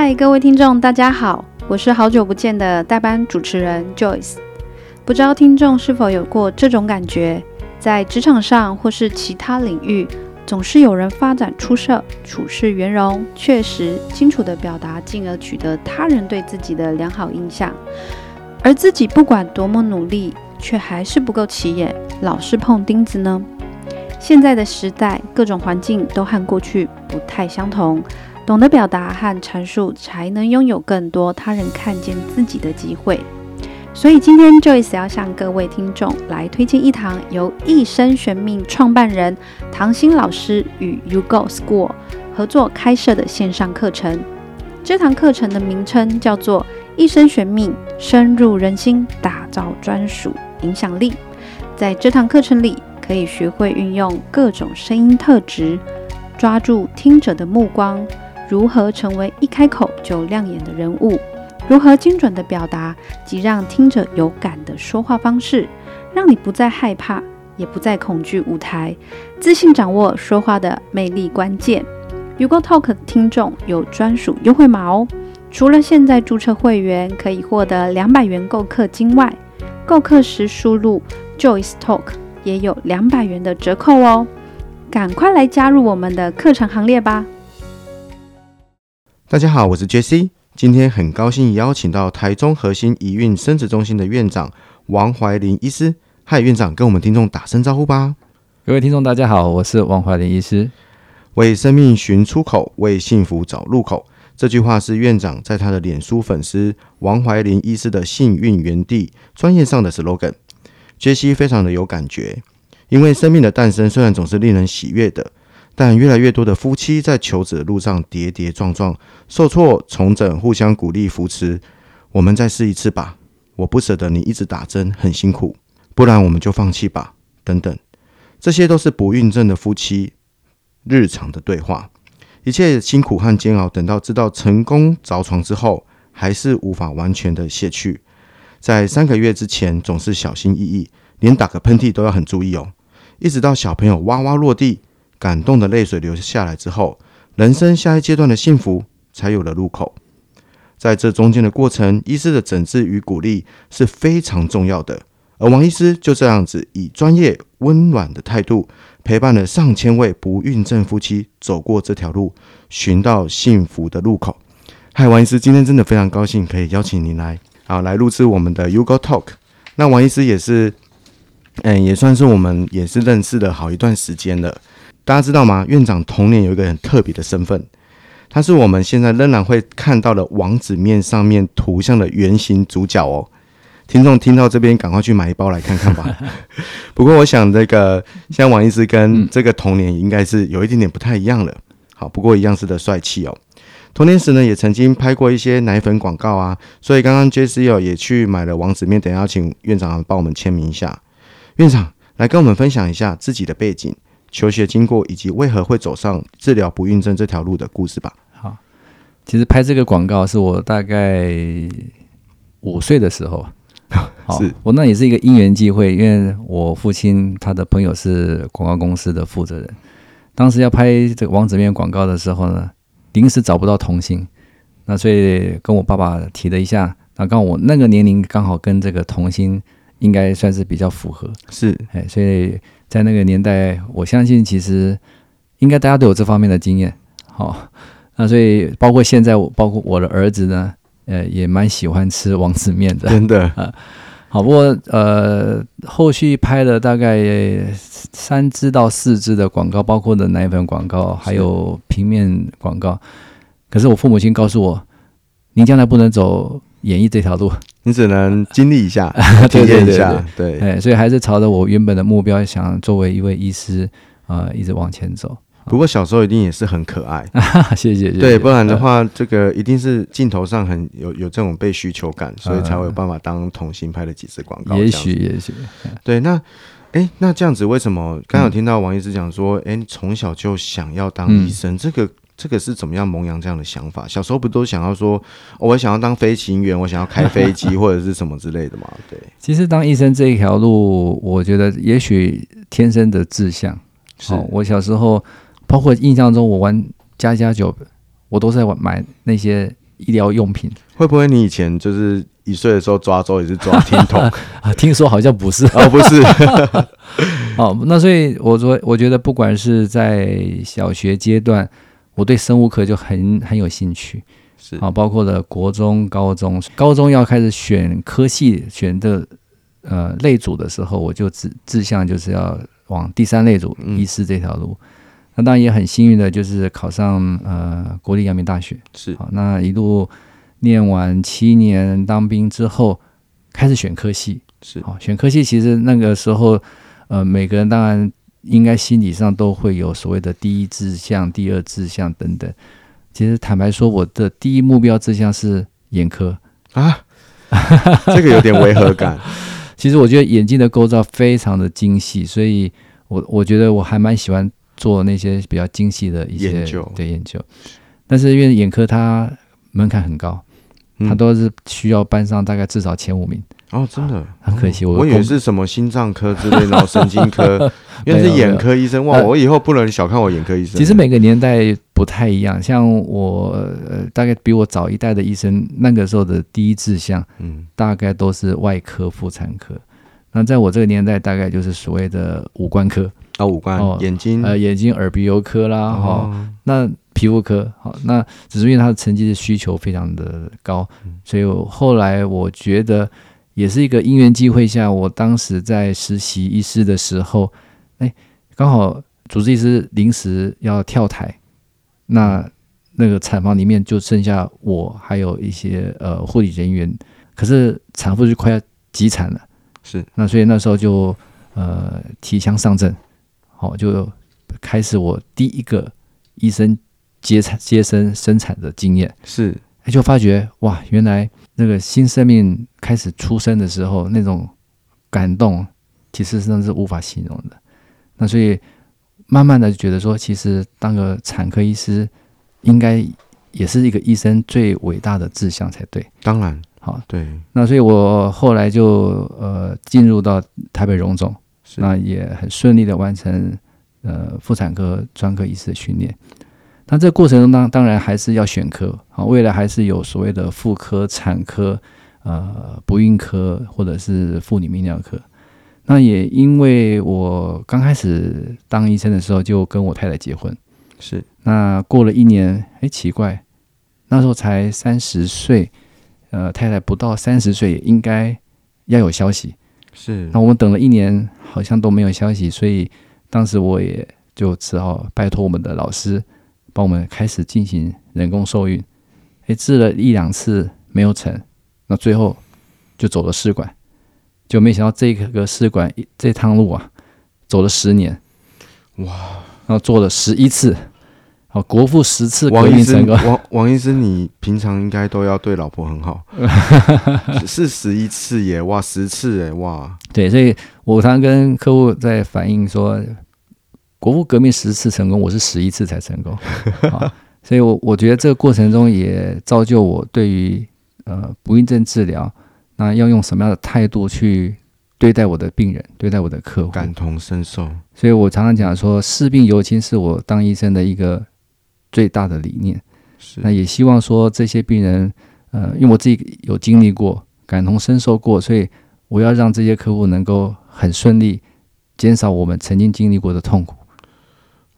嗨，Hi, 各位聽眾，大家好，我是好久不見的代班主持人 Joyce。不知道聽眾是否有過這種感覺，在職場上或是其他領域，總是有人發展出色，處事圓融，確實清楚地表達，進而取得他人對自己的良好印象，而自己不管多麼努力，卻還是不夠起眼，老是碰釘子呢？現在的時代，各種環境都和過去不太相同。懂得表達和闡述，才能擁有更多他人看見自己的機會。所以，今天 Joyce 要向各位聽眾來推薦一堂由一聲懸命創辦人唐鑫老師與 U Go School 合作開設的線上課程。這堂課程的名稱叫做《一聲懸命聲入人心，打造專屬影響力》。在這堂課程裡，可以學會運用各種聲音特質，抓住聽者的目光。如何成為一開口就亮眼的人物？如何精準的表達及讓聽者有感的說話方式，讓你不再害怕，也不再恐懼舞台，自信掌握說話的魅力關鍵。U Go Talk 的聽眾有專屬優惠碼哦！除了現在注冊會員可以獲得兩百元購課金外，購課時輸入 Joyce Talk 也有兩百元的折扣哦！趕快來加入我們的課程行列吧！大家好，我是傑西。今天很高興邀請到台中核心醫孕生殖中心的院長王懷麟醫師。嗨，院長，跟我們聽眾打聲招呼吧。各位聽眾，大家好，我是王懷麟醫師。為生命尋出口，為幸福找入口，這句話是院長在他的臉書粉絲王懷麟醫師的幸孕園地專頁上的 slogan。傑西非常的有感覺，因為生命的誕生雖然總是令人喜悅的。但越來越多的夫妻在求子的路上跌跌撞撞，受挫、重整、互相鼓勵、扶持。我們再試一次吧。我不捨得你一直打針，很辛苦。不然我們就放棄吧。等等，這些都是不孕症的夫妻日常的對話。一切辛苦和煎熬，等到知道成功着床之後，還是無法完全的卸去。在三個月之前，總是小心翼翼，連打個噴嚏都要很注意哦。一直到小朋友哇哇落地。感動的淚水流下來之後，人生下一階段的幸福才有了入口。在這中間的過程，醫師的診治與鼓勵是非常重要的。而王醫師就這樣子，以專業溫暖的態度，陪伴了上千位不孕症夫妻走過這條路，尋到幸福的入口。嗨，王醫師，今天真的非常高興可以邀請您來啊，來錄製我們的 U Go Talk。那王醫師也是，嗯，也算是我們也是認識了好一段時間了。大家知道嗎？院長童年有一個很特別的身份，他是我們現在仍然會看到的王子麵上面圖像的原型主角哦、喔。聽眾聽到這邊，趕快去買一包來看看吧。 不過我想，這個像王醫師跟這個童年應該是有一點點不太一樣了。好，不過一樣是的帥氣哦。童年時呢，也曾經拍過一些奶粉廣告啊。所以剛剛 JC 喔也去買了王子麵，等下要請院長幫我們簽名一下。院長來跟我們分享一下自己的背景，求學經過以及為何會走上治療不孕症這條路的故事吧。好，其實拍這個廣告是我大概五歲的時候，是，好，我那也是一個因緣際會，嗯、因為我父親他的朋友是廣告公司的負責人，當時要拍這個王子面廣告的時候呢，臨時找不到童星，那所以跟我爸爸提了一下，那剛好我那個年齡剛好跟這個童星應該算是比較符合，是，所以。在那個年代，我相信其實應該大家都有這方面的經驗，好、哦，那所以包括現在，包括我的兒子呢，呃，也蠻喜歡吃王子麵的，真的啊。好，不過呃，後續拍了大概三三支到四支的廣告，包括的奶粉廣告，還有平面廣告。是，可是我父母親告訴我，您將來不能走演藝這條路。你只能經歷一下，體驗一下，對，哎，所以還是朝着我原本的目標，想作為一位醫師，呃，一直往前走。不過小時候一定也是很可愛，謝謝。對，不然的話，這個一定是鏡頭上很有有這種被需求感，所以才會有辦法當童星拍了幾次廣告。也許也許，對，那，哎，那這樣子為什麼？剛剛聽到王醫師講說，哎，從小就想要當醫生，這個。這個是怎麼樣萌芽這樣的想法？小時候不都想要說、哦，我想要當飛行員，我想要開飛機或者是什麼之類的嘛？對，其實當醫生這一條路，我覺得也許天生的志向。是哦，我小時候，包括印象中，我玩家家酒，我都在玩買那些醫療用品。會不會你以前就是一歲的時候抓周也是抓聽筒啊？ 聽說好像不是哦，不是。 哦，那所以我說，我覺得不管是在小學階段。我對生物科就很很有興趣，是啊，包括了國中、高中，高中要開始選科系、選的呃類組的時候，我就志志向就是要往第三類組醫師、嗯、這條路。那當然也很幸運的，就是考上呃國立陽明大學，是啊，那一路念完七年當兵之後，開始選科系，是啊，選科系其實那個時候，呃，每個人當然。應該心理上都會有所謂的第一志向、第二志向等等。其實坦白說，我的第一目標志向是眼科啊，這個有點違和感。 其實我覺得眼睛的構造非常的精細，所以我我覺得我還蠻喜歡做那些比較精細的一些研究，對研究，但是因為眼科它門檻很高，它都是需要班上大概至少前五名。嗯哦，真的，很可惜，我以為是什麼心臟科之類，然後神經科，原來是眼科醫生哇！我以後不能小看我眼科醫生。其實每個年代不太一樣，像我呃，大概比我早一代的醫生，那個時候的第一志向，嗯，大概都是外科、婦產科。那在我這個年代，大概就是所謂的五官科啊，五官、眼睛、呃，眼睛、耳鼻喉科啦，哈，那皮膚科，好，那只是因為他的成績的需求非常的高，所以後來我覺得。也是一個因緣際會下，我當時在實習醫師的時候，哎、欸，剛好主治醫師臨時要跳台，那那個產房裡面就剩下我還有一些呃護理人員，可是產婦就快要急產了，是，那所以那時候就呃提槍上陣，好、哦，就開始我第一個醫生接產接生生產的經驗，是、欸，就發覺哇，原來。那個新生命開始出生的時候，那種感動，其實是無法形容的。那所以慢慢的就覺得說，其實當個產科醫師，應該也是一個醫生最偉大的志向才對。當然，好，對。那所以我後來就呃進入到台北榮總，是那也很順利的完成呃婦產科專科醫師的訓練。那這個過程中當當然還是要選科啊，未來還是有所謂的婦科、產科、呃不孕科或者是婦女泌尿科。那也因為我剛開始當醫生的時候就跟我太太結婚，是。那過了一年，哎、欸，奇怪，那時候才三十歲，呃，太太不到三十歲也應該要有消息，是。那我們等了一年，好像都沒有消息，所以當時我也就只好拜托我們的老師。幫我們開始進行人工受孕，誒，治了一兩次沒有成，那最後就走了試管，就沒想到這個試管這趟路啊，走了十年，哇，然後做了十一次，哦、啊，國父十次王王，王醫生，王王醫生，你平常應該都要對老婆很好， 是十一次也哇，十次耶。哇，哇對，所以我常跟客戶在反映說。國父革命十次成功，我是十一次才成功，所以我，我我覺得這個過程中也造就我對於呃不孕症治療，那要用什麼樣的態度去對待我的病人，對待我的客戶，感同身受。所以我常常講說，視病猶親，是我當醫生的一個最大的理念。是那也希望說，這些病人，呃，因為我自己有經歷過，感同身受過，所以我要讓這些客戶能夠很順利，減少我們曾經經歷過的痛苦。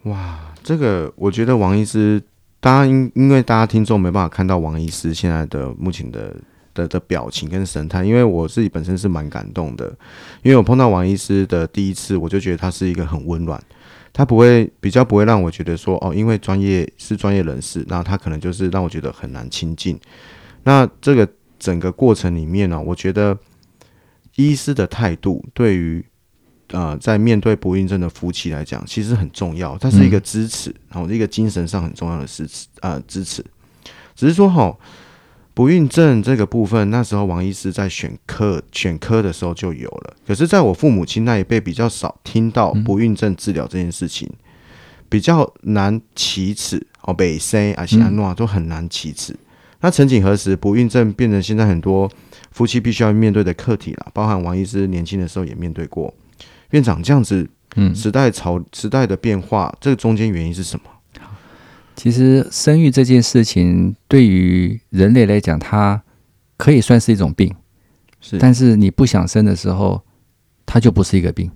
哇，這個我覺得王醫師，大家因因為大家聽眾沒辦法看到王醫師現在的目前的的的表情跟神態，因為我自己本身是蠻感動的，因為我碰到王醫師的第一次，我就覺得他是一個很溫暖，他不會比較不會讓我覺得說哦，因為專業是專業人士，那他可能就是讓我覺得很難親近。那這個整個過程裡面呢、哦，我覺得醫師的態度對於。呃，在面對不孕症的夫妻來講，其實很重要，它是一個支持，然後、嗯、一個精神上很重要的支持啊、呃，支持。只是說哈、哦，不孕症這個部分，那時候王醫師在選科選科的時候就有了，可是在我父母親那一輩比較少聽到不孕症治療這件事情，嗯、比較難啟齒哦，北西、啊、西安諾都很難啟齒。嗯、那曾幾何時，不孕症變成現在很多夫妻必須要面對的課題了，包含王醫師年輕的時候也面對過。院長，這樣子，嗯，時代潮，時代的變化，這個中間原因是什麼？嗯，其實生育這件事情對於人類來講，它可以算是一種病，是，但是你不想生的時候，它就不是一個病。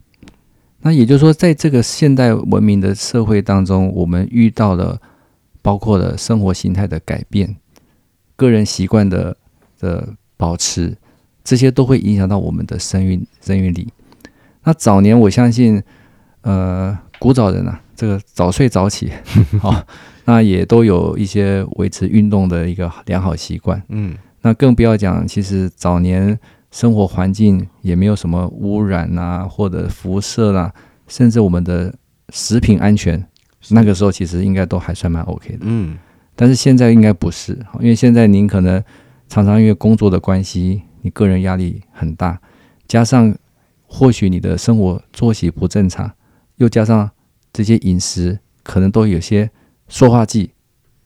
那也就是說，在這個現代文明的社會當中，我們遇到了包括了生活形態的改變、個人習慣的的保持，這些都會影響到我們的生育生育力。那早年我相信，呃，古早人啊，這個早睡早起，好、 哦，那也都有一些維持運動的一個良好習慣，嗯，那更不要講，其實早年生活環境也沒有什麼污染啊，或者輻射啦、啊，甚至我們的食品安全，嗯、那個時候其實應該都還算蠻 OK 的，嗯，但是現在應該不是，因為現在您可能常常因為工作的關係，你個人壓力很大，加上。或許你的生活作息不正常，又加上這些飲食可能都有些塑化劑，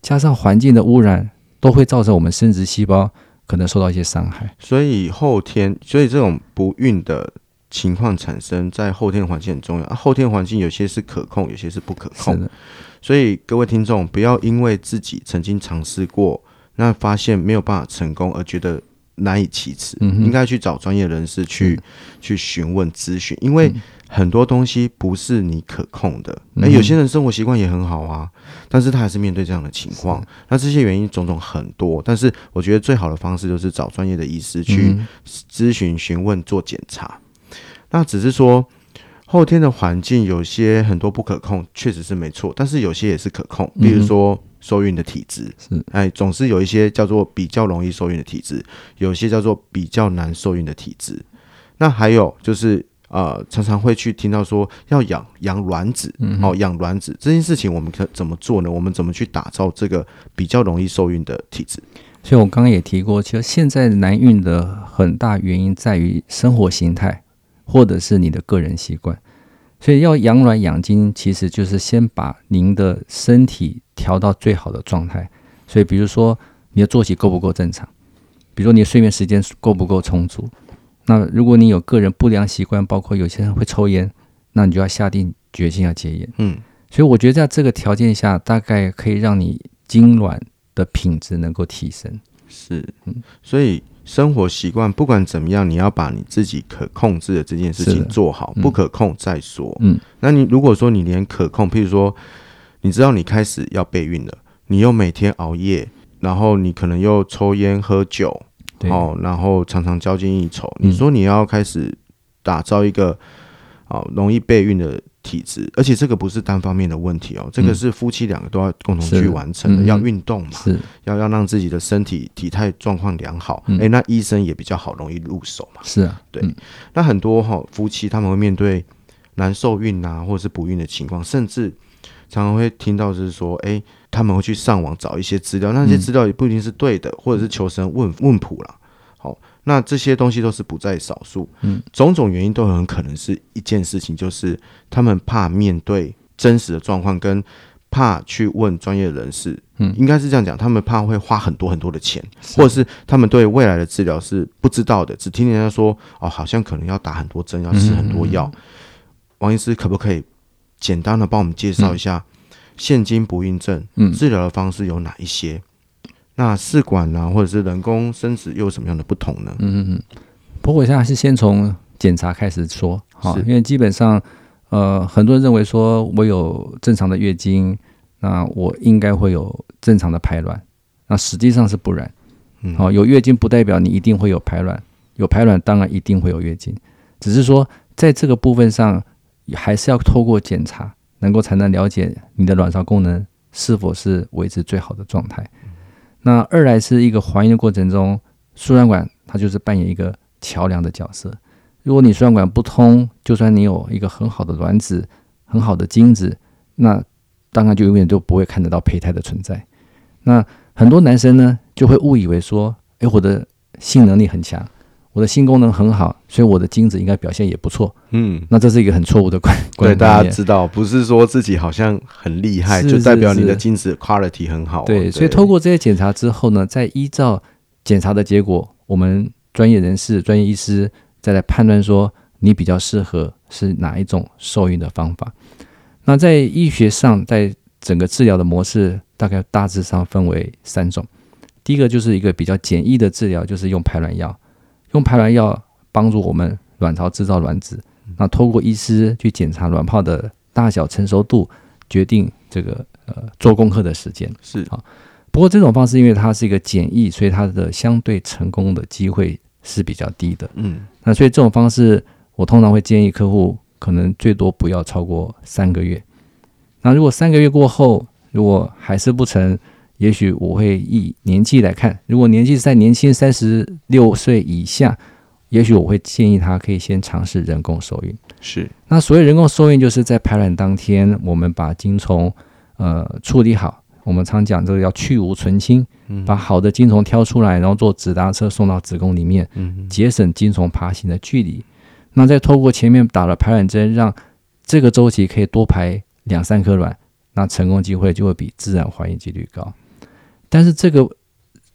加上環境的污染，都會造成我們生殖細胞可能受到一些傷害。所以後天，所以這種不孕的情況產生在後天環境很重要。啊，後天環境有些是可控，有些是不可控。是的。所以各位聽眾，不要因為自己曾經嘗試過，那發現沒有辦法成功而覺得。難以啟齒，嗯、哼應該去找專業人士去、嗯、去詢問諮詢，因為很多東西不是你可控的。那、嗯哼欸、有些人生活習慣也很好啊，但是他還是面對這樣的情況。是那這些原因種種很多，但是我覺得最好的方式就是找專業的醫師去諮詢詢問做檢查。嗯、哼那只是說後天的環境有些很多不可控，確實是沒錯，但是有些也是可控，比如說。嗯受孕的體質是，哎，總是有一些叫做比較容易受孕的體質，有一些叫做比較難受孕的體質。那還有就是，呃，常常會去聽到說要養養卵子，哦，養卵子這件事情，我們可怎麼做呢？我們怎麼去打造這個比較容易受孕的體質？所以，我剛剛也提過，其實現在難孕的很大原因在於生活形態或者是你的個人習慣。所以，要養卵養精，其實就是先把您的身體。調到最好的狀態，所以比如說你的作息夠不夠正常，比如說你的睡眠時間夠不夠充足。那如果你有個人不良習慣，包括有些人會抽煙，那你就要下定決心要戒煙。嗯，所以我覺得在這個條件下，大概可以讓你精卵的品質能夠提升。是，嗯，所以生活習慣不管怎麼樣，你要把你自己可控制的這件事情做好，是的，不可控再說。嗯，那你如果說你連可控，譬如說。你知道你開始要備孕了，你又每天熬夜，然後你可能又抽菸喝酒，對哦，然後常常交際應酬。嗯、你說你要開始打造一個、哦、容易備孕的體質，而且這個不是單方面的問題哦，這個是夫妻兩個都要共同去完成的。嗯嗯、要運動嘛，要是要讓自己的身體體態狀況良好。嗯、誒，那醫生也比較好容易入手嘛。是啊，對。嗯、那很多哈、哦、夫妻他們會面對難受孕啊，或者是不孕的情況，甚至。常常會聽到就是說，哎，他們會去上網找一些資料，那些資料也不一定是對的，嗯、或者是求神問問卜啦。好、哦，那這些東西都是不在少數。嗯，種種原因都很可能是一件事情，就是他們怕面對真實的狀況，跟怕去問專業人士。嗯，應該是這樣講，他們怕會花很多很多的錢，是或者是他們對未來的治療是不知道的，只聽人家說，哦，好像可能要打很多針，要吃很多藥。嗯嗯、王醫師，可不可以？簡單的幫我們介紹一下，現今不孕症治療的方式有哪一些？嗯、那試管啊，或者是人工生殖又有什麼樣的不同呢？嗯嗯嗯。不過我現在還是先從檢查開始說哈，是因為基本上，呃，很多人認為說我有正常的月經，那我應該會有正常的排卵，那實際上是不然。嗯。好，有月經不代表你一定會有排卵，有排卵當然一定會有月經，只是說在這個部分上。還是要透過檢查，能夠才能了解你的卵巢功能是否是維持最好的狀態。那二來是一個懷孕的過程中，輸卵管它就是扮演一個橋樑的角色。如果你輸卵管不通，就算你有一個很好的卵子、很好的精子，那當然就永遠都不會看得到胚胎的存在。那很多男生呢，就會誤以為說，哎，我的性能力很強。我的性功能很好，所以我的精子應該表現也不錯。嗯，那這是一個很錯誤的觀觀念。對，大家知道，不是說自己好像很厲害，是是是，就代表你的精子 quality 很好啊。對，對。所以透過這些檢查之後呢，再依照檢查的結果，我們專業人士、專業醫師再來判斷說你比較適合是哪一種受孕的方法。那在醫學上，在整個治療的模式大概大致上分為三種。第一個就是一個比較簡易的治療，就是用排卵藥。用排卵藥幫助我們卵巢制造卵子，那透過醫師去檢查卵泡的大小、成熟度，決定這個呃做功課的時間。是啊，不過這種方式因為它是一個簡易，所以它的相對成功的機會是比較低的。嗯，那所以這種方式我通常會建議客戶可能最多不要超過三個月。那如果三個月過後，如果還是不成。也許我會以年紀來看，如果年紀在年輕三十六歲以下，也許我會建議他可以先嘗試人工受孕。是，那所謂人工受孕就是在排卵當天，我們把精蟲呃處理好，我們常講這個叫去蕪存菁，嗯、哼把好的精蟲挑出來，然後做直達車送到子宮裡面，嗯，節省精蟲爬行的距離。嗯、哼那再透過前面打了排卵針，讓這個週期可以多排兩三顆卵，那成功機會就會比自然懷孕幾率高。但是這個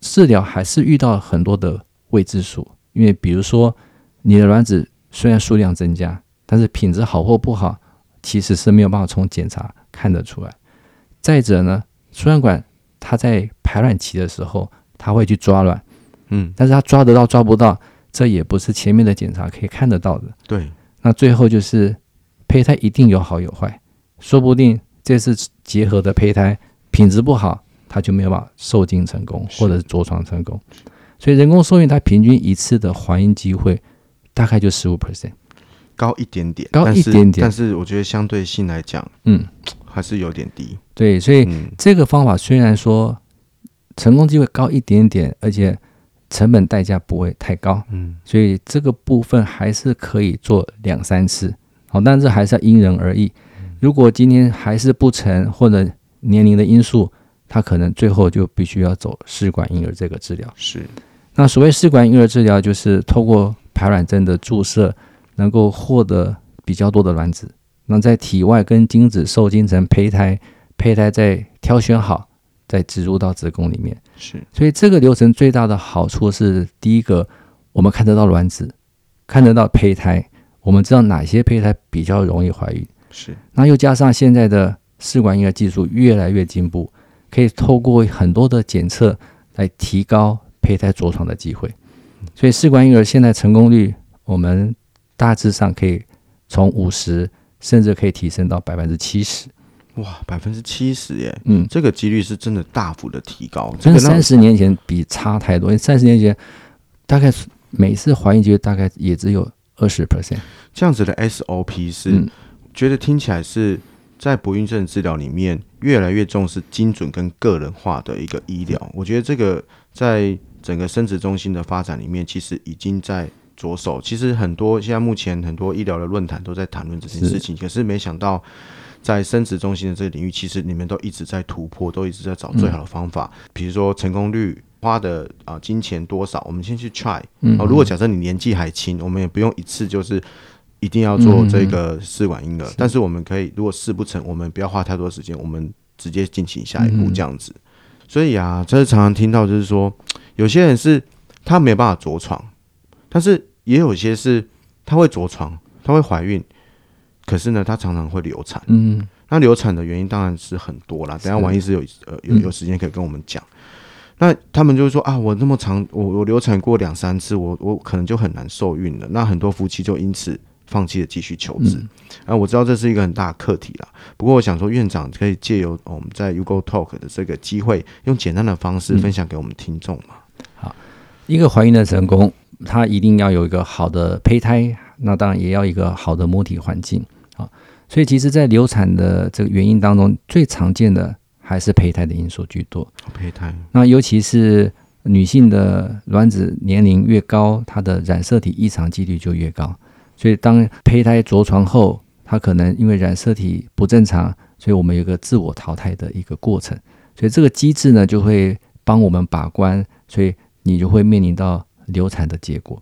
治療還是遇到很多的未知數，因為比如說你的卵子雖然數量增加，但是品質好或不好其實是沒有辦法從檢查看得出來。再者呢，輸卵管它在排卵期的時候它會去抓卵，嗯，但是它抓得到抓不到，這也不是前面的檢查可以看得到的。對，那最後就是胚胎一定有好有壞，說不定這次結合的胚胎品質不好。他就沒有辦法受精成功，或者是着床成功，是所以人工受孕它平均一次的懷孕機會大概就十五 percent，高一點點，高一點點，但是我覺得相對性來講，嗯，還是有點低。對，所以這個方法雖然說成功機會高一點點，而且成本代價不會太高，嗯，所以這個部分還是可以做兩三次，好、哦，但是還是要因人而異。如果今天還是不成，或者年齡的因素。他可能最後就必須要走試管嬰兒這個治療。是，那所謂試管嬰兒治療，就是透過排卵針的注射，能夠獲得比較多的卵子。那在體外跟精子受精成胚胎，胚胎再挑選好，再植入到子宮裡面。是，所以這個流程最大的好處是，第一個我們看得到卵子，看得到胚胎，我們知道哪些胚胎比較容易懷孕。是，那又加上現在的試管嬰兒技術越來越進步。可以透過很多的檢測來提高胚胎着床的機會，所以試管嬰兒現在成功率，我們大致上可以從五十，甚至可以提升到百分之七十。哇，百分之七十耶！嗯，這個幾率是真的大幅的提高，真的三十年前比差太多。因為三十年前，大概每次懷孕幾率大概也只有二十 percent。這樣子的 SOP 是，嗯、覺得聽起來是。在不孕症治療裡面，越來越重視精準跟個人化的一個醫療。嗯、我覺得這個在整個生殖中心的發展裡面，其實已經在着手。其實很多現在目前很多醫療的論壇都在談論這件事情，是可是沒想到在生殖中心的這個領域，其實你們都一直在突破，都一直在找最好的方法。嗯、比如說成功率花的啊、呃、金錢多少，我們先去 try。嗯、哼好，如果假設你年紀還輕，我們也不用一次就是。一定要做這個試管嬰兒，嗯嗯是，但是我們可以，如果試不成，我們不要花太多時間，我們直接進行下一步這樣子。嗯嗯，所以啊，這是常常聽到，就是說有些人是他沒有辦法着床，但是也有些是他會着床，他會懷孕，可是呢，他常常會流產。嗯，嗯，那流產的原因當然是很多啦。等一下王醫師有呃有有時間可以跟我們講。嗯、那他們就是就說啊，我那麼長，我我流產過兩三次，我我可能就很難受孕了。那很多夫妻就因此。放棄了繼續求治。啊，我知道這是一個很大的課題了。不過，我想說，院長可以借由我們在、y、U Go Talk 的這個機會，用簡單的方式分享給我們聽眾嘛？嗯、好，一個懷孕的成功，它一定要有一個好的胚胎，那當然也要一個好的母體環境啊。所以，其實，在流產的這個原因當中，最常見的還是胚胎的因素居多。胚胎，那尤其是女性的卵子年齡越高，她的染色體異常幾率就越高。所以，當胚胎着床後，它可能因為染色體不正常，所以我們有個自我淘汰的一個過程。所以，這個機制呢，就會幫我們把關。所以，你就會面臨到流產的結果。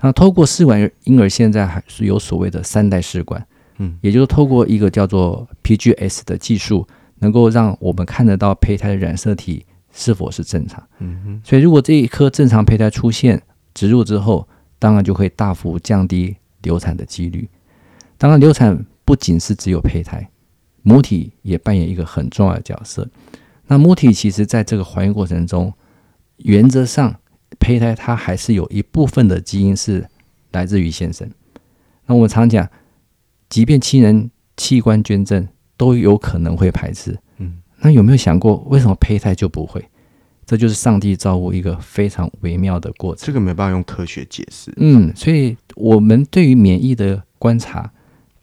那透過試管嬰兒，現在還是有所謂的三代試管，嗯，也就是透過一個叫做 PGS 的技術，能夠讓我們看得到胚胎的染色體是否是正常。嗯嗯哼。所以，如果這一顆正常胚胎出現，植入之後，當然就會大幅降低。流產的幾率，當然，流產不僅是只有胚胎，母體也扮演一個很重要的角色。那母體其實在這個懷孕過程中，原則上胚胎它還是有一部分的基因是來自於先生。那我們常講，即便親人器官捐贈都有可能會排斥，嗯，那有沒有想過為什麼胚胎就不會？這就是上帝造物一個非常微妙的過程，這個沒辦法用科學解釋。嗯，所以我們對於免疫的觀察，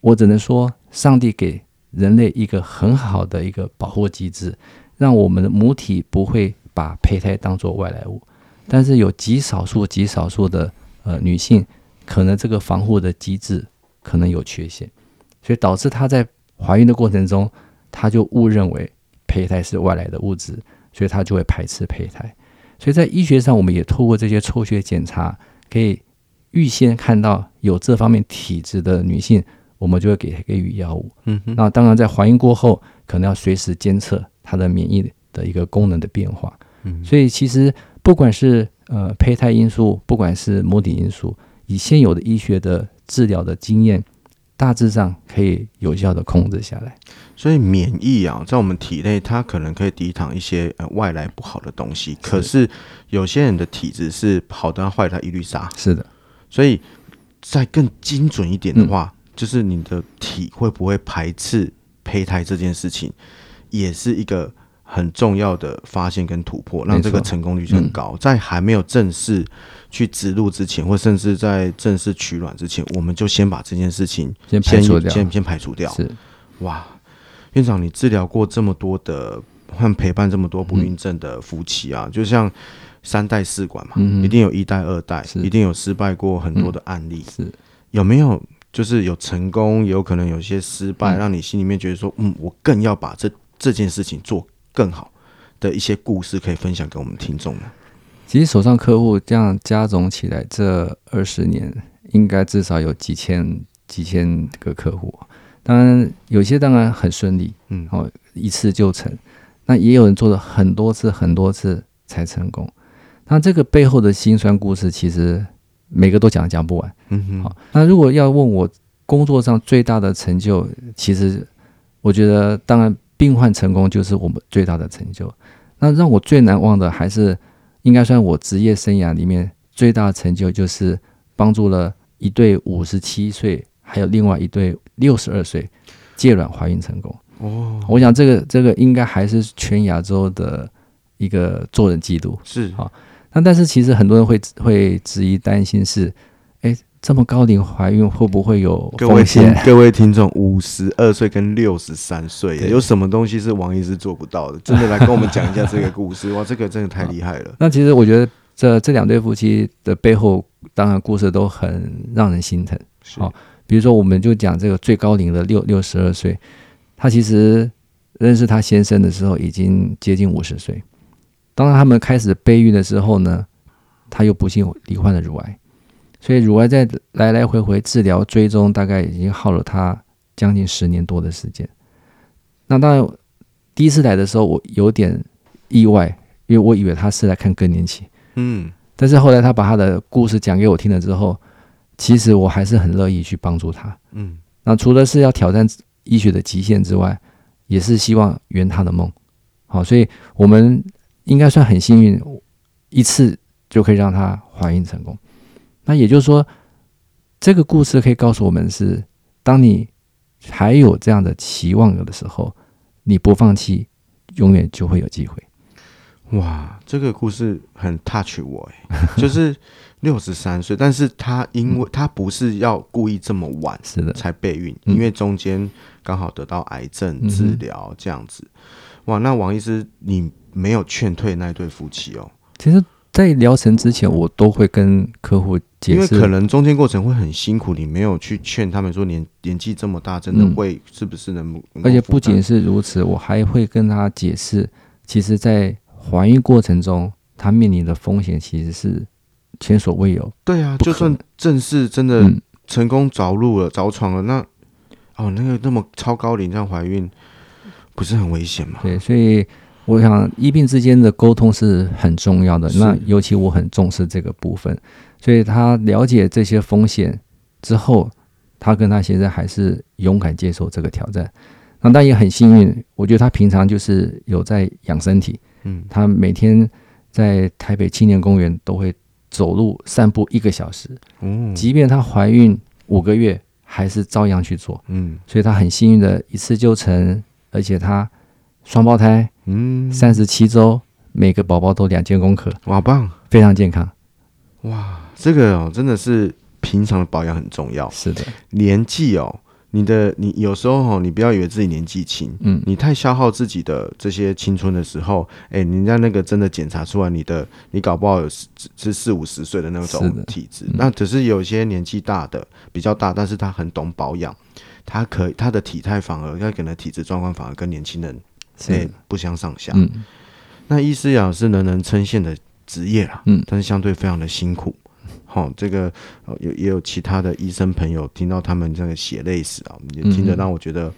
我只能說，上帝給人類一個很好的一個保護機制，讓我們的母體不會把胚胎當做外來物。但是有極少數、極少數的呃女性，可能這個防護的機制可能有缺陷，所以導致她在懷孕的過程中，她就誤認為胚胎是外來的物質。所以他就會排斥胚胎，所以在醫學上，我們也透過這些抽血檢查，可以預先看到有這方面體質的女性，我們就會給她給予藥物。嗯，那當然在懷孕過後，可能要隨時監測她的免疫的一個功能的變化。嗯，所以其實不管是呃胚胎因素，不管是母體因素，以現有的醫學的治療的經驗，大致上可以有效的控制下來。所以免疫啊，在我們體內，它可能可以抵擋一些呃外來不好的東西。是的 可是有些人的體質是好的壞的一律殺。是的，所以再更精準一點的話，嗯、就是你的體會不會排斥胚胎這件事情，也是一個很重要的發現跟突破，讓這個成功率很高。沒錯 在還沒有正式去植入之前，或甚至在正式取卵之前，我們就先把這件事情先先，排除掉先先排除掉。是哇。院長，你治療過這麼多的，和陪伴這麼多不孕症的夫妻啊，嗯、就像三代試管嘛，嗯、哼一定有一代、二代，是一定有失敗過很多的案例。嗯、是有沒有就是有成功，也有可能有些失敗，嗯、讓你心裡面覺得說，嗯，我更要把這這件事情做更好的一些故事可以分享給我們聽眾呢？其實手上客戶這樣加總起來，這二十年應該至少有幾千幾千個客戶。當然，有些當然很順利，嗯，好，一次就成，那也有人做了很多次、很多次才成功。那這個背後的辛酸故事，其實每個都講講不完，嗯哼。好，那如果要問我工作上最大的成就，其實我覺得，當然病患成功就是我們最大的成就。那讓我最難忘的，還是應該算我職業生涯裡面最大的成就，就是幫助了一對五十七歲。還有另外一對六十二歲，借卵懷孕成功哦！我想這個這個應該還是全亞洲的一個做人紀錄是啊、哦。那但是其實很多人會會質疑擔心是，哎、欸，這麼高齡懷孕會不會有風險？各位聽眾，五十二歲跟六十三歲有什麼東西是王醫師做不到的？真的來跟我們講一下這個故事 哇！這個真的太厲害了、哦。那其實我覺得這這兩對夫妻的背後，當然故事都很讓人心疼是、哦比如說，我們就講這個最高齡的六六十二歲，她其實認識她先生的時候已經接近五十歲。當他們開始備孕的時候呢，她又不幸罹患了乳癌，所以乳癌在來來回回治療追蹤，大概已經耗了她將近十年多的時間。那當然，第一次來的時候我有點意外，因為我以為她是來看更年期。嗯，但是後來她把她的故事講給我聽了之後。其實我還是很樂意去幫助他，嗯，那除了是要挑戰醫學的極限之外，也是希望圓他的夢，好，所以我們應該算很幸運，一次就可以讓他懷孕成功。那也就是說，這個故事可以告訴我們是：當你還有這樣的期望的時候，你不放棄，永遠就會有機會。哇，這個故事很 touch 我哎、欸， 就是。六十三歲，但是他因為、嗯、他不是要故意這麼晚是的才備孕，嗯、因為中間剛好得到癌症治療這樣子。嗯、哼哇，那王醫師，你沒有勸退那一對夫妻哦？其實，在療程之前，我都會跟客戶解釋、嗯，因為可能中間過程會很辛苦，你沒有去勸他們說年年紀這麼大，真的會是不是能、能？而且不僅是如此，我還會跟他解釋，其實，在懷孕過程中，他面臨的風險其實是。前所未有。對啊，就算正式真的成功着陸了、嗯、着床了，那哦，那個那麼超高齡這樣懷孕，不是很危險嗎？對，所以我想醫病之間的溝通是很重要的。 那尤其我很重視這個部分，是所以他了解這些風險之後，他跟他先生還是勇敢接受這個挑戰。那但也很幸運，啊、我覺得他平常就是有在養身體。嗯，他每天在台北青年公園都會。走路散步一個小時，即便她懷孕五個月，還是照樣去做，嗯，所以她很幸運的一次就成，而且她雙胞胎，嗯，三十七周，每個寶寶都兩千公克，哇，好棒，非常健康，哇，這個哦真的是平常的保養很重要，是的，年紀哦。你的你有時候吼，你不要以為自己年紀輕，嗯，你太消耗自己的這些青春的時候，哎、欸，人家那個真的檢查出來，你的你搞不好有是四五十歲的那種體質，嗯、那只是有些年紀大的比較大，但是他很懂保養，他可以他的體態反而，他可能體質狀況反而跟年輕人的、欸、不相上下。嗯、那醫師啊是能人人稱羨的職業啦，嗯，但是相對非常的辛苦。這個、哦，這個也也有其他的醫生朋友聽到他們這樣血淚史啊，也聽得讓我覺得嗯嗯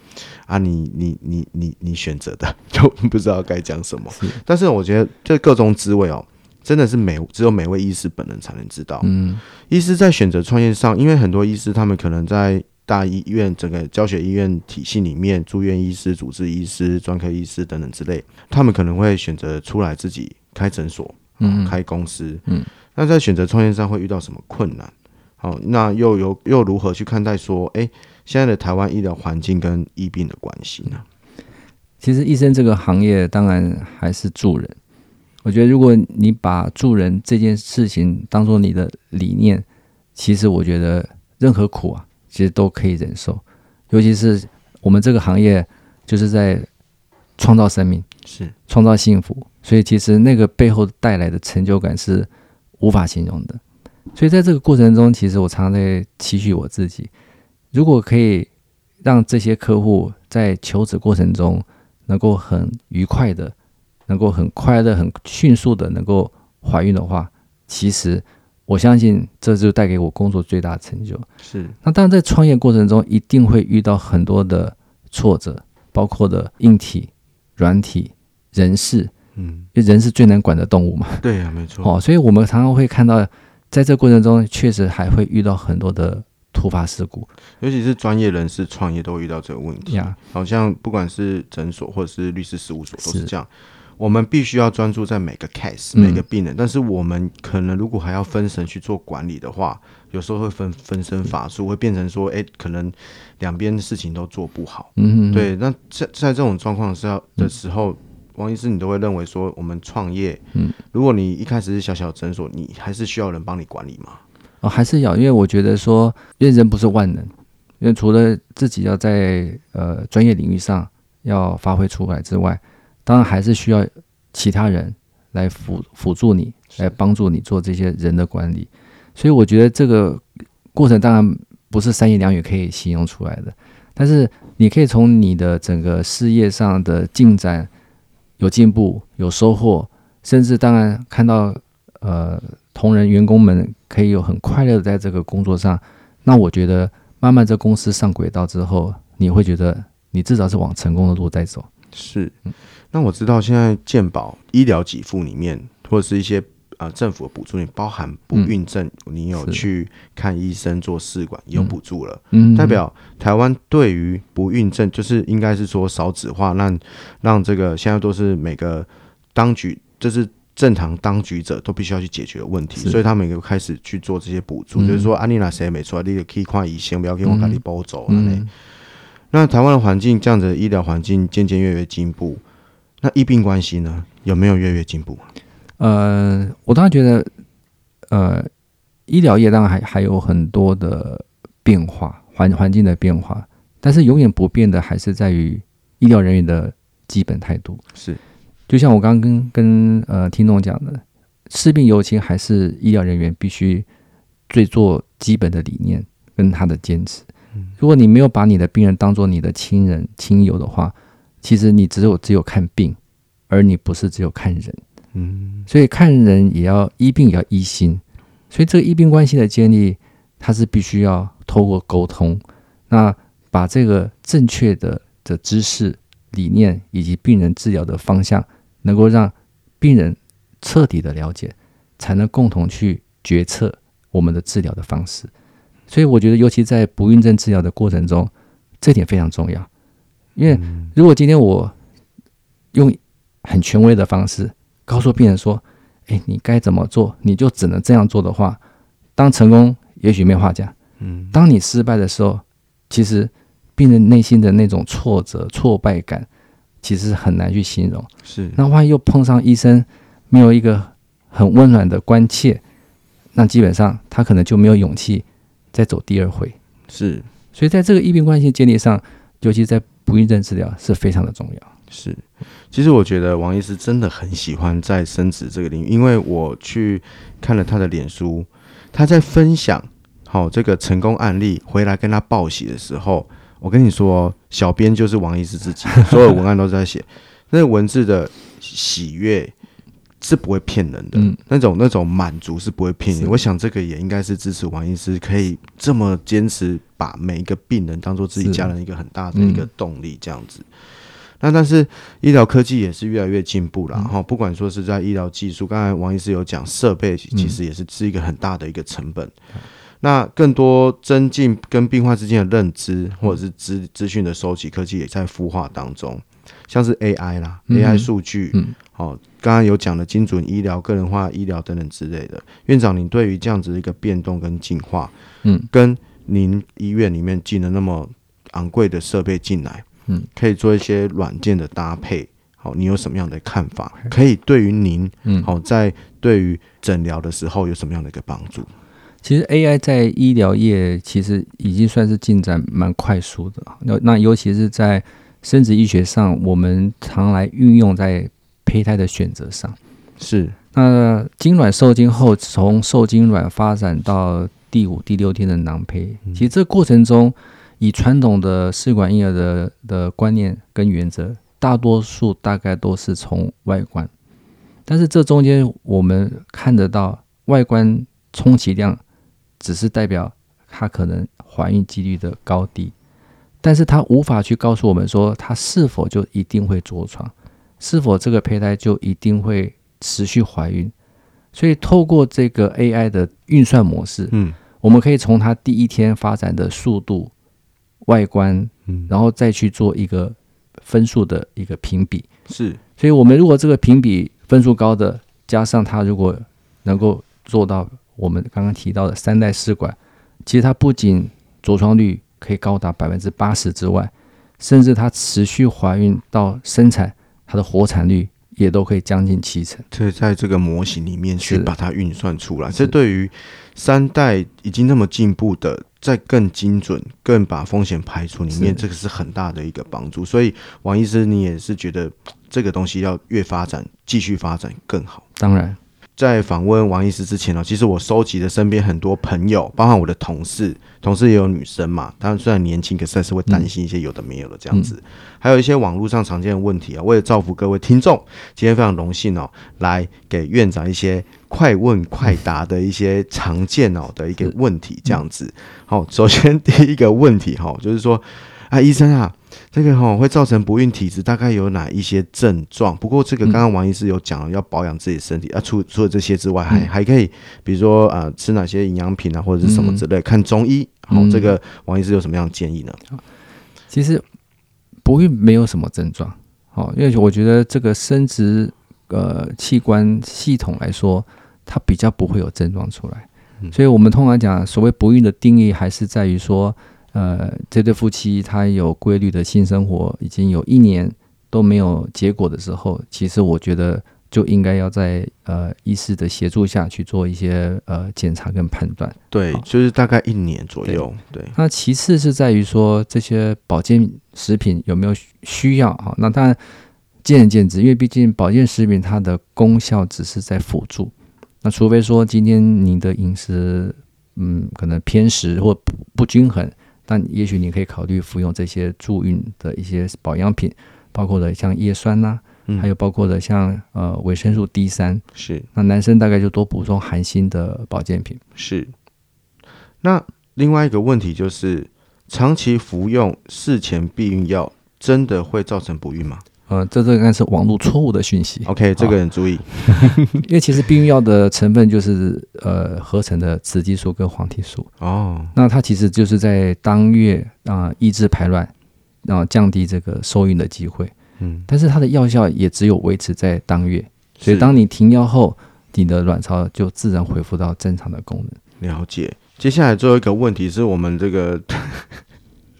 啊，你你你你你選擇的就不知道該講什麼。是但是我覺得這各種滋味哦，真的是每只有每位醫師本人才能知道。嗯，醫師在選擇創業上，因為很多醫師他們可能在大醫院整個教學醫院體系裡面，住院醫師、主治醫師、專科醫師等等之類，他們可能會選擇出來自己開診所，哦、嗯，嗯，開公司，嗯。那在選擇創業上會遇到什麼困難？好，那又有又如何去看待說，哎、欸，現在的台灣醫療環境跟醫病的關係呢？其實醫生這個行業當然還是助人。我覺得如果你把助人這件事情當做你的理念，其實我覺得任何苦啊，其實都可以忍受。尤其是我們這個行業，就是在創造生命，是創造幸福，所以其實那個背後帶來的成就感是。無法形容的，所以在這個過程中，其實我常常在期許我自己：如果可以讓這些客戶在求子過程中能夠很愉快的、能夠很快的、很迅速的能夠懷孕的話，其實我相信這就帶給我工作最大的成就。是。那當然，在創業過程中一定會遇到很多的挫折，包括的硬體、軟體、人事。嗯，人是最難管的動物嘛？對呀、啊，沒錯。哦，所以我們常常會看到，在這過程中，確實還會遇到很多的突發事故，尤其是專業人士創業都遇到這個問題啊。好 Yeah. 像不管是診所或者是律師事務所都是這樣。是我們必須要專注在每個 case、每個病人，嗯、但是我們可能如果還要分神去做管理的話，有時候會分分身乏術，嗯、會變成說，哎、欸，可能兩邊的事情都做不好。嗯哼，對。那在在這種狀況下的時候。嗯王醫師，你都會認為說，我們創業，嗯，如果你一開始是小小診所，你還是需要人幫你管理嗎？哦，還是要因為我覺得說，因為人不是萬能，因為除了自己要在呃專業領域上要發揮出來之外，當然還是需要其他人來輔輔助你，來幫助你做這些人的管理。是的。所以我覺得這個過程當然不是三言兩語可以形容出來的，但是你可以從你的整個事業上的進展。有進步，有收穫，甚至當然看到，呃，同仁員工們可以有很快樂的在這個工作上。那我覺得，慢慢在公司上軌道之後，你會覺得你至少是往成功的路在走。是，那我知道現在健保醫療給付裡面，或者是一些。啊，政府的補助你包含不孕症，你有去看醫生做試管，有補助了，代表台灣對於不孕症就是應該是說少子化，那讓這個現在都是每個當局，就是正常當局者都必須要去解決的問題，所以他們又開始去做這些補助，就是說安妮娜誰也沒錯，你也可以跨以前，不要給我把你包走了。那台灣的環境這樣子，醫療環境漸漸越越進步，那醫病關係呢，有沒有越越進步？呃，我當然覺得，呃，醫療業當然還還有很多的變化，環環境的變化，但是永遠不變的還是在於醫療人員的基本態度。是，就像我剛剛跟跟呃聽眾講的，治病尤其還是醫療人員必須最做基本的理念跟他的堅持。嗯，如果你沒有把你的病人當做你的親人親友的話，其實你只有只有看病，而你不是只有看人。嗯，所以看人也要醫病也要醫心，所以這個醫病關係的建立，它是必須要透過溝通，那把這個正確的的知識理念以及病人治療的方向，能夠讓病人徹底的了解，才能共同去決策我們的治療的方式。所以我覺得，尤其在不孕症治療的過程中，這點非常重要。因為如果今天我用很權威的方式，告訴病人說：“哎，你該怎麼做？你就只能這樣做的話，當成功也許沒話講。嗯，當你失敗的時候，其實病人內心的那種挫折、挫敗感，其實很難去形容。是，那萬一又碰上醫生沒有一個很溫暖的關切，那基本上他可能就沒有勇氣再走第二回。是，所以在這個醫病關係建立上，尤其在不孕症治療是非常的重要。”是，其實我覺得王醫師真的很喜歡在生殖這個領域，因為我去看了他的臉書，他在分享好、哦、這個成功案例回來跟他報喜的時候，我跟你說，小編就是王醫師自己，所有文案都在寫， 那個文字的喜悅是不會騙人的，嗯、那種那種滿足是不會騙你。是我想這個也應該是支持王醫師可以這麼堅持，把每一個病人當做自己家人，一個很大的一個動力，這樣子。那但是醫療科技也是越來越進步了，哈、嗯，不管說是在醫療技術，剛才王醫師有講，設備其實也是是一個很大的一個成本。嗯、那更多增進跟病患之間的認知，或者是資資訊的收集，科技也在孵化當中，嗯、像是 AI 啦、嗯、，AI 數據，好、嗯，剛、嗯、剛有講的精準醫療、個人化醫療等等之類的。院長，您對於這樣子一個變動跟進化，嗯，跟您醫院裡面進了那麼昂貴的設備進來。嗯，可以做一些軟件的搭配，好，你有什麼樣的看法？可以對於您，嗯，好，在對於診療的時候有什麼樣的一個幫助？其實 AI 在醫療業其實已經算是進展蠻快速的，那那尤其是在生殖醫學上，我們常來運用在胚胎的選擇上。是，那精卵受精後，從受精卵發展到第五、第六天的囊胚，其實這過程中。嗯以傳統的試管嬰兒的的觀念跟原則，大多數大概都是從外觀，但是這中間我們看得到外觀，充其量只是代表它可能懷孕幾率的高低，但是它無法去告訴我們說它是否就一定會着床，是否這個胚胎就一定會持續懷孕，所以透過這個 AI 的運算模式，嗯，我們可以從它第一天發展的速度。外觀，嗯，然後再去做一個分數的一個評比，是。所以，我們如果這個評比分數高的，加上它如果能夠做到我們剛剛提到的三代試管，其實它不僅着床率可以高達百分之八十之外，甚至它持續懷孕到生產，它的活產率也都可以將近七成。所以在這個模型裡面去把它運算出來，這對於三代已經那麼進步的。在更精準、更把風險排除裡面，是這個是很大的一個幫助。所以，王醫師，你也是覺得這個東西要越發展、繼續發展更好？當然。在訪問王醫師之前呢，其實我收集了身邊很多朋友，包括我的同事，同事也有女生嘛。當然，雖然年輕，可是還是會擔心一些有的沒有的這樣子。嗯嗯、還有一些網絡上常見的問題啊，為了造福各位聽眾，今天非常榮幸哦，來給院長一些快問快答的一些常見哦的一個問題這樣子。好、嗯，嗯、首先第一個問題哈，就是說啊，哎、醫生啊。這個吼會造成不孕體質，大概有哪一些症狀？不過這個剛剛王醫師有講要保養自己身體啊。除。除除了這些之外，還還可以，比如說啊、呃，吃哪些營養品啊，或者是什麼之類。看中醫，好，這個王醫師有什麼樣的建議呢？其實不孕沒有什麼症狀，哦，因為我覺得這個生殖呃器官系統來說，它比較不會有症狀出來。所以我們通常講，所謂不孕的定義，還是在於說。呃，這對夫妻他有規律的性生活，已經有一年都沒有結果的時候，其實我覺得就應該要在呃醫師的協助下去做一些呃檢查跟判斷。對，哦、就是大概一年左右。對，對，那其次是在於說這些保健食品有沒有需要哈、哦，那當然見仁見智，因為畢竟保健食品它的功效只是在輔助。那除非說今天你的飲食嗯可能偏食或不不均衡。但也許你可以考慮服用這些助孕的一些保養品，包括的像葉酸吶，啊，嗯，還有包括的像呃維生素 D 三。是。那男生大概就多補充含鋅的保健品。是。那另外一個問題就是，長期服用事前避孕藥真的會造成不孕嗎？呃，這這應該是網絡錯誤的訊息。OK，這個很注意，哦、 因為其實避孕藥的成分就是呃合成的雌激素跟黃體素哦。那它其實就是在當月啊、呃、抑制排卵，然、呃、後降低這個受孕的機會。嗯，但是它的藥效也只有維持在當月，是所以當你停藥後，你的卵巢就自然恢復到正常的功能。了解。接下來最後一個問題是，我們這個。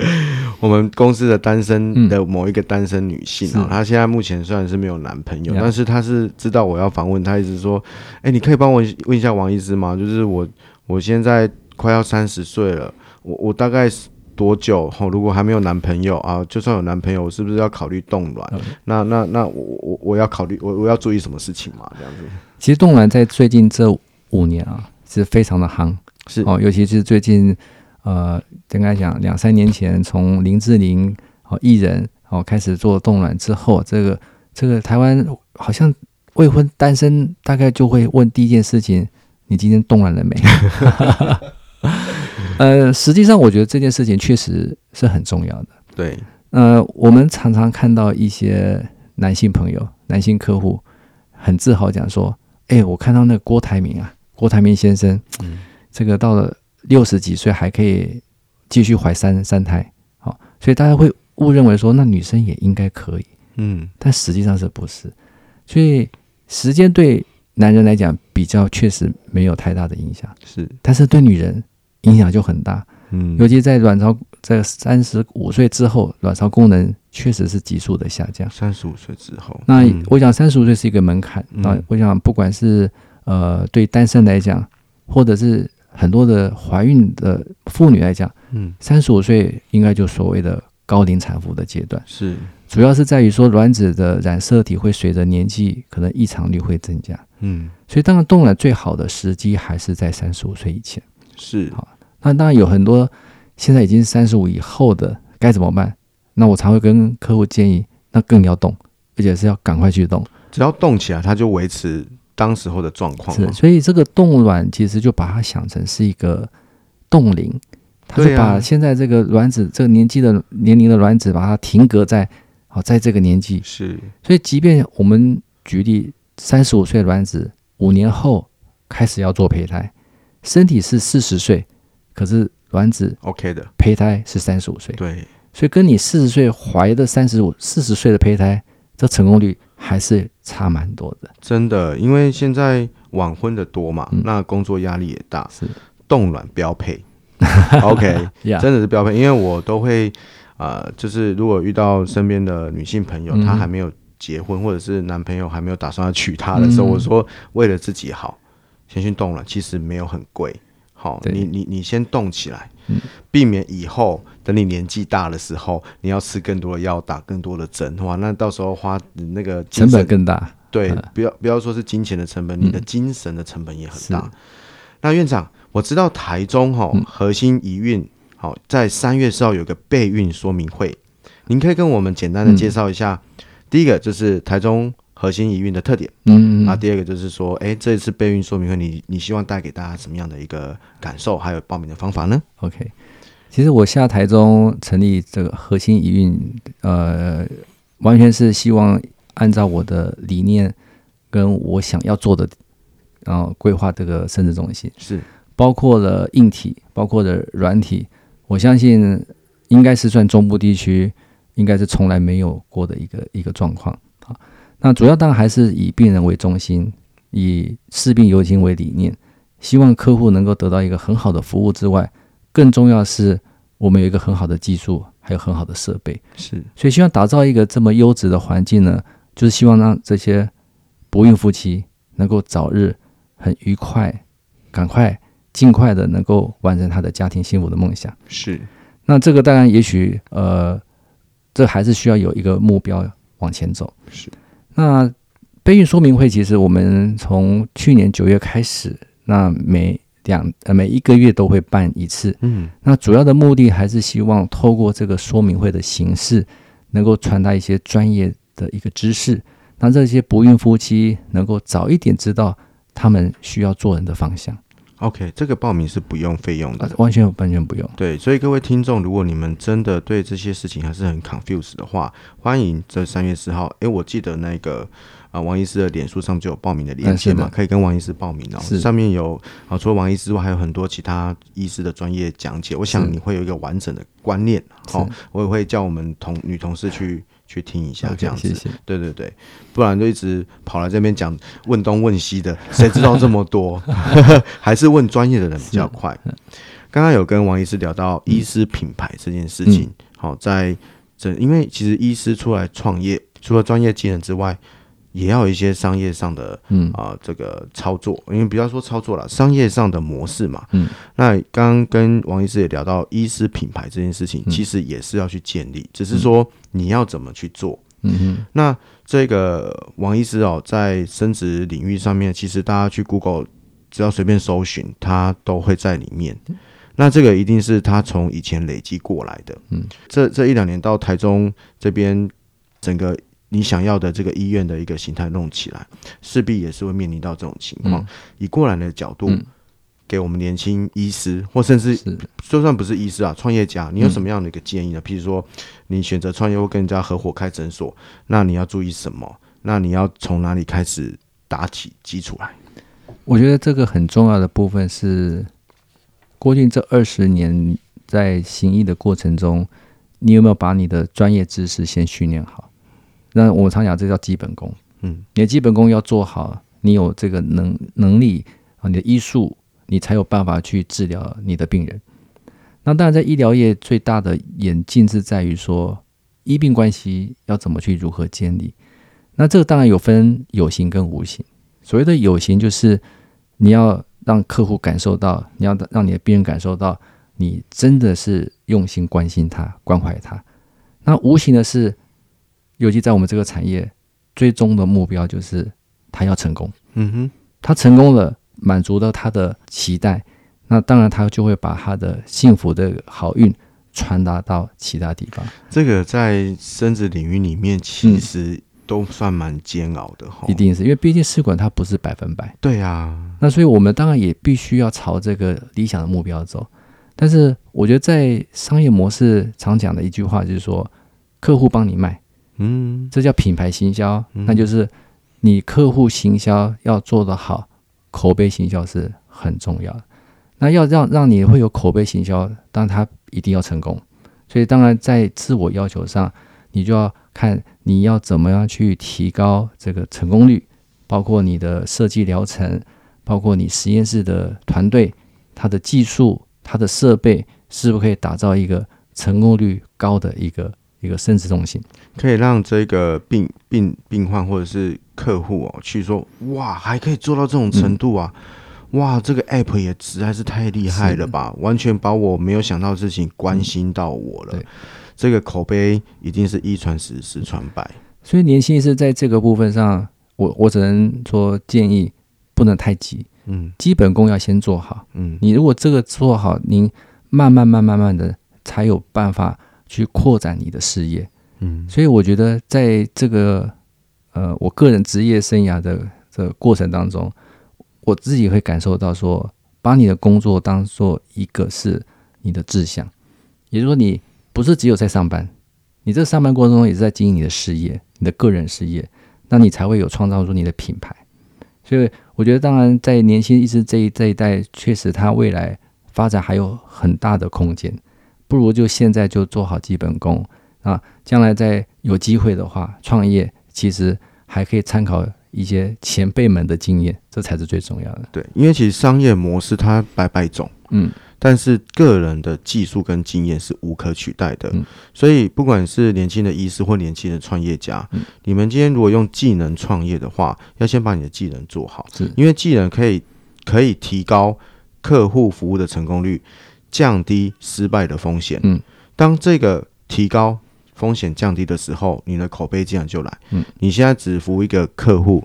我們公司的單身的某一個單身女性啊，嗯、她現在目前雖然是沒有男朋友，但是她是知道我要訪問 Yeah. 她，一直說：“哎、欸，你可以幫我問一下王醫師嗎？就是我我現在快要三十歲了，我我大概多久、哦？如果還沒有男朋友啊，就算有男朋友，我是不是要考慮凍卵？那那那我我我要考慮，我我要注意什麼事情嘛？這樣子，其實凍卵在最近這五年啊是非常的夯，是哦，尤其是最近。”呃，剛剛講兩三年前，從林志玲哦藝人哦開始做凍卵之後，這個這個台灣好像未婚單身大概就會問第一件事情，你今天凍卵了沒？ 呃，實際上我覺得這件事情確實是很重要的。對，呃，我們常常看到一些男性朋友、男性客戶很自豪講說：“哎，我看到那個郭台銘啊，郭台銘先生，嗯、這個到了。”六十幾歲還可以繼續懷三三胎，好，所以大家會誤認為說那女生也應該可以，嗯，但實際上是不是？所以時間對男人來講比較確實沒有太大的影響，是，但是對女人影響就很大，嗯，尤其在卵巢在三十五歲之後，卵巢功能確實是急速的下降。三十五歲之後，嗯，那我想三十五歲是一個門檻，那我想不管是呃對單身來講，或者是。很多的懷孕的婦女來講，嗯，三十五歲應該就所謂的高齡產婦的階段是，主要是在於說卵子的染色體會隨着年紀可能異常率會增加，嗯，所以當然凍卵最好的時機還是在三十五歲以前是，好，那當然有很多現在已經三十五以後的該怎麼辦？那我常會跟客戶建議，那更要動，而且是要趕快去動，只要動起來，它就維持，當時候的狀況是，所以這個凍卵其實就把它想成是一個凍齡，它是把現在這個卵子這個年紀的年齡的卵子把它停格在好，在這個年紀，是。所以即便我們舉例三十五歲卵子五年後開始要做胚胎，身體是四十歲，可是卵子是 OK 的，胚胎是三十五歲，對。所以跟你四十歲懷的三十五四十歲的胚胎，這成功率還是。差蠻多的，真的，因為現在晚婚的多嘛，嗯、那工作壓力也大，是凍卵標配。OK，真的是標配，因為我都會，啊、呃，就是如果遇到身邊的女性朋友，嗯、她還沒有結婚，或者是男朋友還沒有打算要娶她的時候，嗯、我說為了自己好，先去凍卵，其實沒有很貴，好，對你你你先凍起來，避免以後。等你年紀大的時候，你要吃更多的藥，打更多的針，哇！那到時候花那個成本更大。對，嗯、不要不要說是金錢的成本，嗯、你的精神的成本也很大。是那院長，我知道台中哈、哦、核心移運好在三月四號有個備孕說明會，您、嗯、可以跟我們簡單的介紹一下。嗯、第一個就是台中核心移運的特點，嗯，嗯那第二個就是說，哎、欸，這次備孕說明會，你你希望帶給大家什麼樣的一個感受？還有報名的方法呢？OK。其實我下台中成立這個禾馨宜蘊，呃，完全是希望按照我的理念，跟我想要做的，然、呃、後規劃這個生殖中心，是包括了硬體，包括了軟體，我相信應該是算中部地區，應該是從來沒有過的一個一個狀況啊。那主要當然還是以病人為中心，以視病猶親為理念，希望客戶能夠得到一個很好的服務之外。更重要的是，我們有一個很好的技術，還有很好的設備，是，所以希望打造一個這麼優質的環境呢，就是希望讓這些不孕夫妻能夠早日很愉快，趕快盡快的能夠完成他的家庭幸福的夢想。是，那這個當然也許呃，這還是需要有一個目標往前走。是，那備孕說明會其實我們從去年九月開始，那每。兩呃，每一個月都會辦一次，嗯，那主要的目的還是希望透過這個說明會的形式，能夠傳達一些專業的一個知識，讓這些不孕夫妻能夠早一點知道他們需要做人的方向。OK，這個報名是不用費用的，完全完全不用。對，所以各位聽眾，如果你們真的對這些事情還是很 confused 的話，歡迎在三月四號，誒、欸，我記得那個。啊，王醫師的臉書上就有報名的鏈接嘛，欸、是可以跟王醫師報名後、哦、是的 上面有，好，除了王醫師外，還有很多其他醫師的專業講解。是的 我想你會有一個完整的觀念。好是的、哦，我也會叫我們同女同事去去聽一下，這樣子。欸、是對對對，不然就一直跑來這邊講問東問西的，誰是的 知道這麼多？ 還是問專業的人比較快。剛剛是的 有跟王醫師聊到醫師品牌這件事情，好、嗯哦，在這因為其實醫師出來創業，除了專業技能之外，也要有一些商業上的，嗯啊、呃，這個操作，因為不要說操作了，商業上的模式嘛，嗯，那剛跟王醫師也聊到醫師品牌這件事情，嗯、其實也是要去建立，只、就是說你要怎麼去做，嗯哼，那這個王醫師哦，在生殖領域上面，其實大家去 Google 只要隨便搜尋，他都會在裡面，那這個一定是他從以前累積過來的，嗯，這這一兩年到台中這邊整個。你想要的這個醫院的一個形態弄起來勢必也是會面臨到這種情況。嗯、以過來人的角度，嗯、給我們年輕醫師，或甚至就是算不是醫師啊，創業家，你有什麼樣的一個建議呢？嗯、譬如說，你選擇創業或跟人家合夥開診所，那你要注意什麼？那你要從哪裡開始打起基礎來？我覺得這個很重要的部分是，過去這二十年在行醫的過程中，你有沒有把你的專業知識先訓練好？那我常講，這叫基本功。嗯，你的基本功要做好，你有這個能能力啊，你的醫術，你才有辦法去治療你的病人。那當然，在醫療業最大的演進是在於說，醫病關係要怎麼去如何建立。那這個當然有分有形跟無形。所謂的有形，就是你要讓客戶感受到，你要讓你的病人感受到，你真的是用心關心他、關懷他。那無形的是。尤其在我們這個產業，最終的目標就是他要成功。嗯哼，他成功了，滿足到他的期待，那當然他就會把他的幸福的好運傳達到其他地方。這個在生殖領域裡面，其實都算蠻煎熬的哈、嗯。一定是因為畢竟試管它不是百分百。對啊。那所以我們當然也必須要朝這個理想的目標走。但是我覺得在商業模式常講的一句話就是說，客戶幫你賣。嗯，這叫品牌行銷，那就是你客戶行銷要做得好，口碑行銷是很重要的。那要讓讓你會有口碑行銷，當然它一定要成功。所以，當然在自我要求上，你就要看你要怎麼樣去提高這個成功率，包括你的設計療程，包括你實驗室的團隊，它的技術，它的設備，是不是可以打造一個成功率高的一個。一個生殖中心可以讓這個病病病患，或者是客戶哦去說，哇，還可以做到這種程度啊、嗯、哇，這個 app 也實在是太厲害了吧是的 完全把我沒有想到的事情關心到我了，嗯、這個口碑一定是一傳十十傳百。所以年輕醫師，在這個部分上我我只能說，建議不能太急。嗯，基本功要先做好。嗯，你如果這個做好您慢，慢慢慢慢慢的才有辦法。去擴展你的事業，嗯，所以我覺得在這個呃我個人職業生涯的的這個過程當中，我自己會感受到說，把你的工作當作一個是你的志向，也就是說你不是只有在上班，你這上班過程中也是在經營你的事業，你的個人事業，那你才會有創造出你的品牌。所以我覺得，當然在年輕醫師這一這一代，確實他未來發展還有很大的空間。不如就現在就做好基本功啊，將來再有機會的話創業，其實還可以參考一些前輩們的經驗，這才是最重要的。對，因為其實商業模式它百百種，嗯，但是個人的技術跟經驗是無可取代的。嗯，所以不管是年輕的醫師或年輕的創業家，嗯，你們今天如果用技能創業的話，要先把你的技能做好，是，因為技能可以可以提高客戶服務的成功率，降低失敗的風險。嗯，當這個提高風險降低的時候，你的口碑竟然就來。嗯，你現在只服務一個客戶，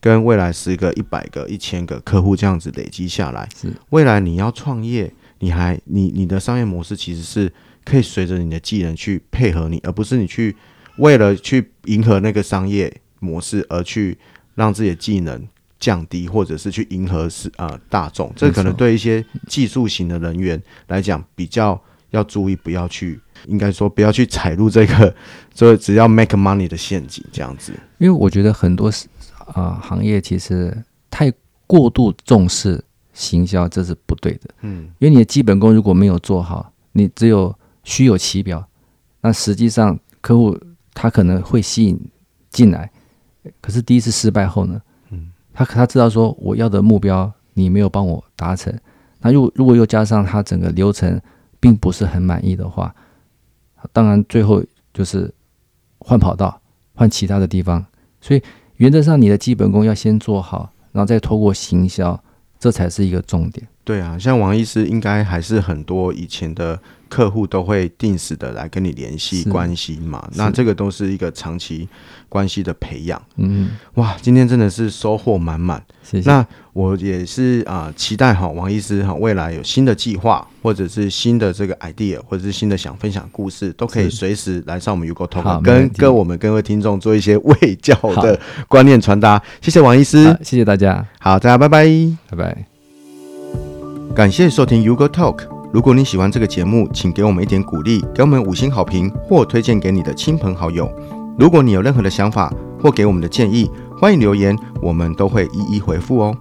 跟未來十個、一百個、一千個客戶這樣子累積下來，是未來你要創業，你還你你的商業模式其實是可以隨着你的技能去配合你，而不是你去為了去迎合那個商業模式而去讓自己的技能。降低，或者是去迎合是啊、呃、大眾，這可能對一些技術型的人員來講比較要注意，不要去，應該說不要去踩入這個，所以只要 make money 的陷阱這樣子。因為我覺得很多是啊、呃、行業其實太過度重視行銷，這是不對的。嗯，因為你的基本功如果沒有做好，你只有虛有其表，那實際上客戶他可能會吸引進來，可是第一次失敗後呢？他他知道說我要的目標你沒有幫我達成，那如果如果又加上他整個流程並不是很滿意的話，當然最後就是換跑道，換其他的地方。所以原則上你的基本功要先做好，然後再透過行銷，這才是一個重點。對啊，像王醫師應該還是很多以前的。客戶都會定時的來跟你聯繫關係嘛，嗯、那這個都是一個長期關係的培養。嗯，哇，今天真的是收穫滿滿。謝謝，那我也是啊、呃，期待哈王醫師哈未來有新的計劃，或者是新的這個 idea，或者是新的想分享故事，都可以隨時來上我們、y、U Go Talk，跟跟我們跟各位聽眾做一些衛教的好觀念傳達。謝謝王醫師，謝謝大家，好，大家拜拜，拜拜，感謝收聽、y、U Go Talk。如果你喜歡這個節目，請給我們一點鼓勵，給我們五星好評，或推薦給你的親朋好友。如果你有任何的想法或給我們的建議，歡迎留言，我們都會一一回復哦。